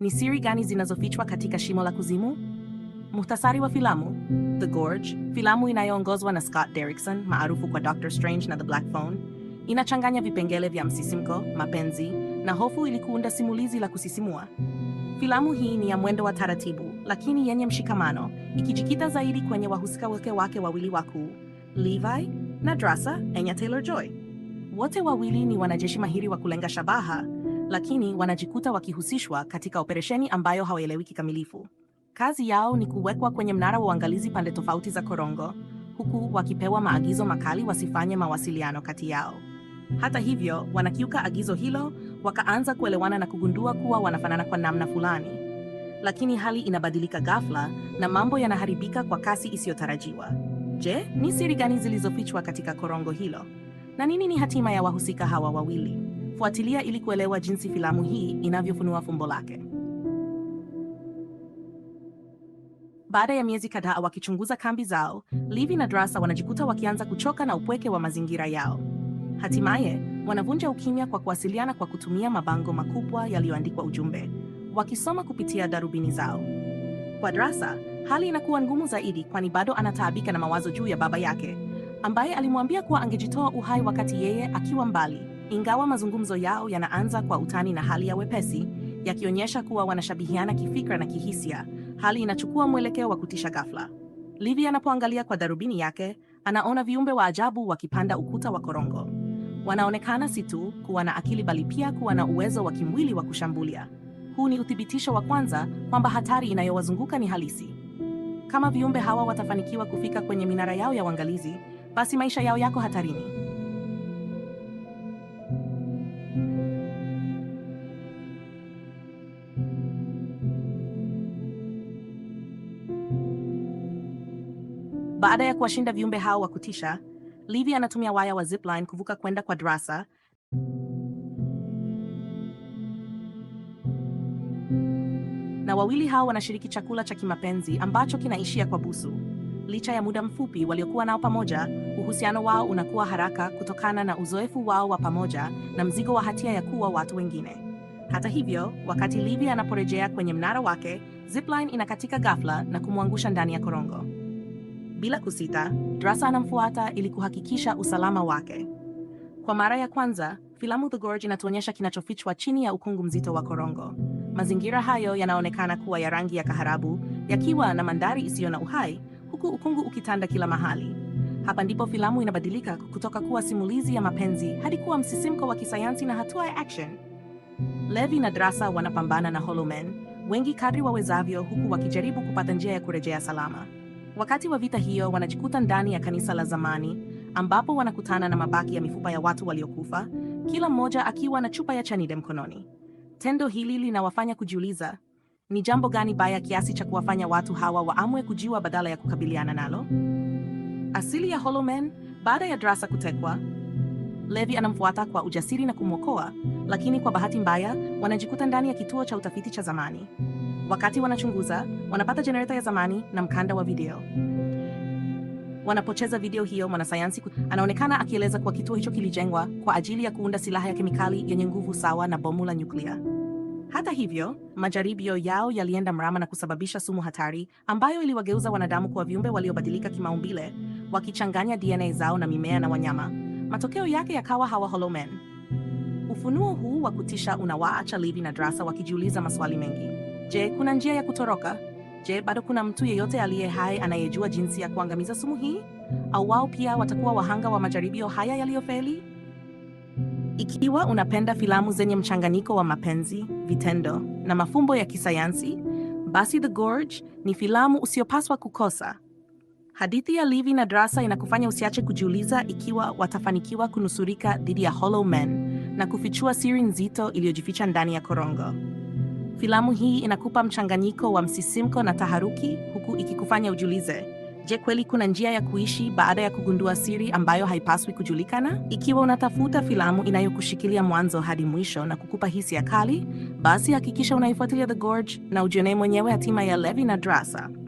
Ni siri gani zinazofichwa katika shimo la kuzimu? Muhtasari wa filamu: The Gorge, filamu inayoongozwa na Scott Derrickson maarufu kwa Doctor Strange na The Black Phone, inachanganya vipengele vya msisimko, mapenzi na hofu ili kuunda simulizi la kusisimua. Filamu hii ni ya mwendo wa taratibu lakini yenye mshikamano, ikijikita zaidi kwenye wahusika wake wake wawili wakuu, Levi na Drasa Anya Taylor-Joy. Wote wawili ni wanajeshi mahiri wa kulenga shabaha lakini wanajikuta wakihusishwa katika operesheni ambayo hawaelewi kikamilifu. Kazi yao ni kuwekwa kwenye mnara wa uangalizi pande tofauti za korongo, huku wakipewa maagizo makali wasifanye mawasiliano kati yao. Hata hivyo, wanakiuka agizo hilo, wakaanza kuelewana na kugundua kuwa wanafanana kwa namna fulani. Lakini hali inabadilika ghafla na mambo yanaharibika kwa kasi isiyotarajiwa. Je, ni siri gani zilizofichwa katika korongo hilo? Na nini ni hatima ya wahusika hawa wawili? Fuatilia ili kuelewa jinsi filamu hii inavyofunua fumbo lake. Baada ya miezi kadhaa wakichunguza kambi zao, Livi na Drasa wanajikuta wakianza kuchoka na upweke wa mazingira yao. Hatimaye wanavunja ukimya kwa kuwasiliana kwa kutumia mabango makubwa yaliyoandikwa ujumbe, wakisoma kupitia darubini zao. Kwa Drasa hali inakuwa ngumu zaidi, kwani bado anataabika na mawazo juu ya baba yake ambaye alimwambia kuwa angejitoa uhai wakati yeye akiwa mbali. Ingawa mazungumzo yao yanaanza kwa utani na hali ya wepesi, yakionyesha kuwa wanashabihiana kifikra na kihisia, hali inachukua mwelekeo wa kutisha ghafla. Livi anapoangalia kwa darubini yake, anaona viumbe wa ajabu wakipanda ukuta wa korongo. Wanaonekana si tu kuwa na akili bali pia kuwa na uwezo wa kimwili wa kushambulia. Huu ni uthibitisho wa kwanza kwamba hatari inayowazunguka ni halisi. Kama viumbe hawa watafanikiwa kufika kwenye minara yao ya uangalizi, basi maisha yao yako hatarini. Baada ya kuwashinda viumbe hao wa kutisha, Livy anatumia waya wa zipline kuvuka kwenda kwa Drasa. Na wawili hao wanashiriki chakula cha kimapenzi ambacho kinaishia kwa busu. Licha ya muda mfupi waliokuwa nao pamoja, uhusiano wao unakuwa haraka kutokana na uzoefu wao wa pamoja na mzigo wa hatia ya kuwa watu wengine. Hata hivyo, wakati Livy anaporejea kwenye mnara wake, zipline inakatika ghafla na kumwangusha ndani ya korongo. Bila kusita, Drasa anamfuata ili kuhakikisha usalama wake. Kwa mara ya kwanza, filamu The Gorge inatuonyesha kinachofichwa chini ya ukungu mzito wa korongo. Mazingira hayo yanaonekana kuwa ya rangi ya kaharabu, yakiwa na mandhari isiyo na uhai, huku ukungu ukitanda kila mahali. Hapa ndipo filamu inabadilika kutoka kuwa simulizi ya mapenzi hadi kuwa msisimko wa kisayansi na hatua ya action. Levi na Drasa wanapambana na Hollow Men wengi kadri wawezavyo, huku wakijaribu kupata njia ya kurejea salama. Wakati wa vita hiyo, wanajikuta ndani ya kanisa la zamani ambapo wanakutana na mabaki ya mifupa ya watu waliokufa, kila mmoja akiwa na chupa ya chanide mkononi. Tendo hili linawafanya kujiuliza, ni jambo gani baya kiasi cha kuwafanya watu hawa waamue kujiua badala ya kukabiliana nalo? Asili ya Hollow Men. Baada ya Drasa kutekwa, Levi anamfuata kwa ujasiri na kumwokoa, lakini kwa bahati mbaya wanajikuta ndani ya kituo cha utafiti cha zamani. Wakati wanachunguza, wanapata jenereta ya zamani na mkanda wa video. Wanapocheza video hiyo, mwanasayansi anaonekana akieleza kuwa kituo hicho kilijengwa kwa ajili ya kuunda silaha ya kemikali yenye nguvu sawa na bomu la nyuklia. Hata hivyo, majaribio yao yalienda mrama na kusababisha sumu hatari ambayo iliwageuza wanadamu kuwa viumbe waliobadilika kimaumbile, wakichanganya DNA zao na mimea na wanyama. Matokeo yake yakawa hawa Hollow Men. Ufunuo huu wa kutisha unawaacha Livi na Drasa wakijiuliza maswali mengi. Je, kuna njia ya kutoroka? Je, bado kuna mtu yeyote aliye hai anayejua jinsi ya kuangamiza sumu hii? Au wao pia watakuwa wahanga wa majaribio haya yaliyofeli? Ikiwa unapenda filamu zenye mchanganyiko wa mapenzi, vitendo na mafumbo ya kisayansi, basi The Gorge ni filamu usiyopaswa kukosa. Hadithi ya livi na Drasa inakufanya usiache kujiuliza ikiwa watafanikiwa kunusurika dhidi ya Hollow Men na kufichua siri nzito iliyojificha ndani ya korongo. Filamu hii inakupa mchanganyiko wa msisimko na taharuki, huku ikikufanya ujiulize, je, kweli kuna njia ya kuishi baada ya kugundua siri ambayo haipaswi kujulikana? Ikiwa unatafuta filamu inayokushikilia mwanzo hadi mwisho na kukupa hisia kali, basi hakikisha unaifuatilia The Gorge na ujionee mwenyewe hatima ya Levi na Drasa.